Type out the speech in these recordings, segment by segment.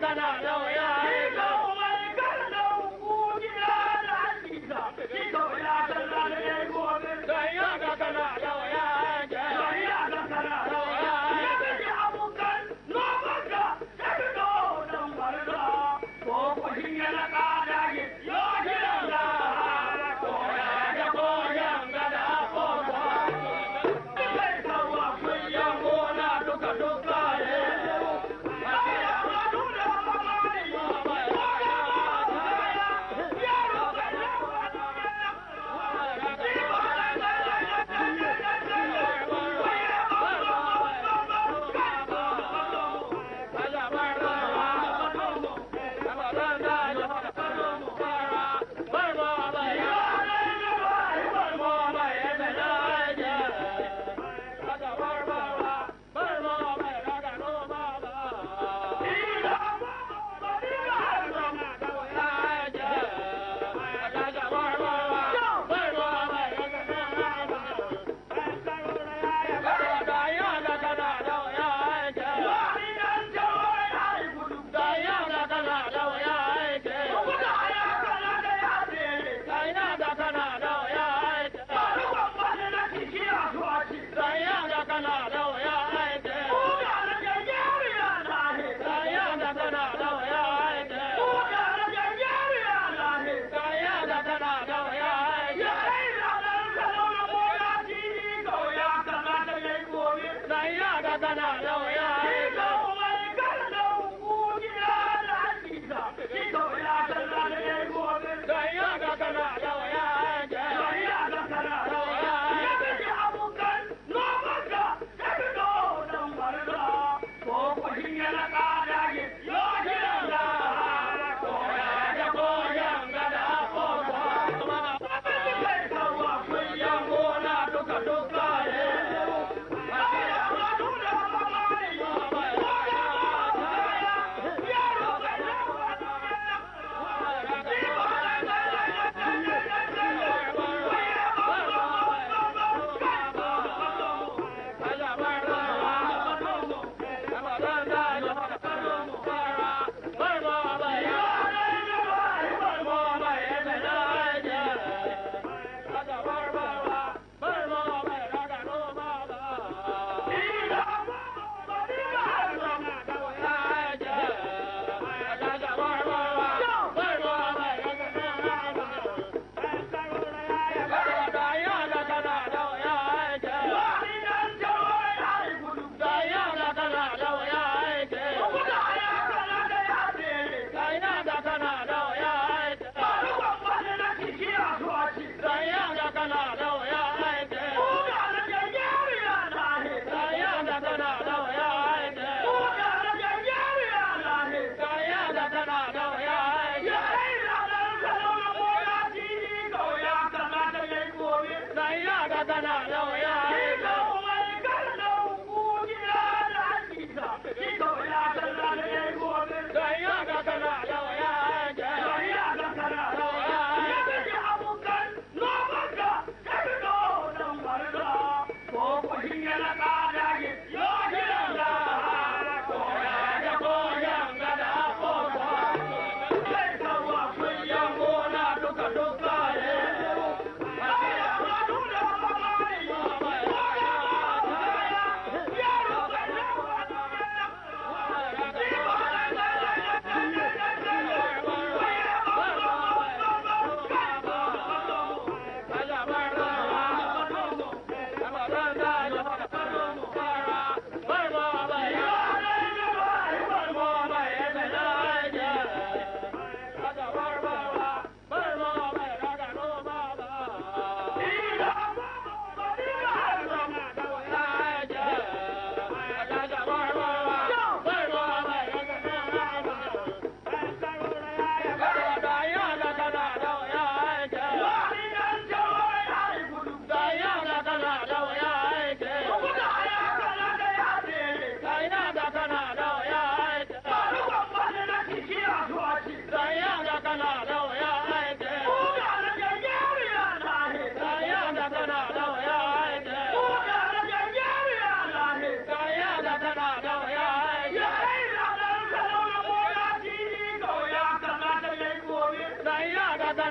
danada. danada.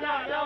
Não, não, não.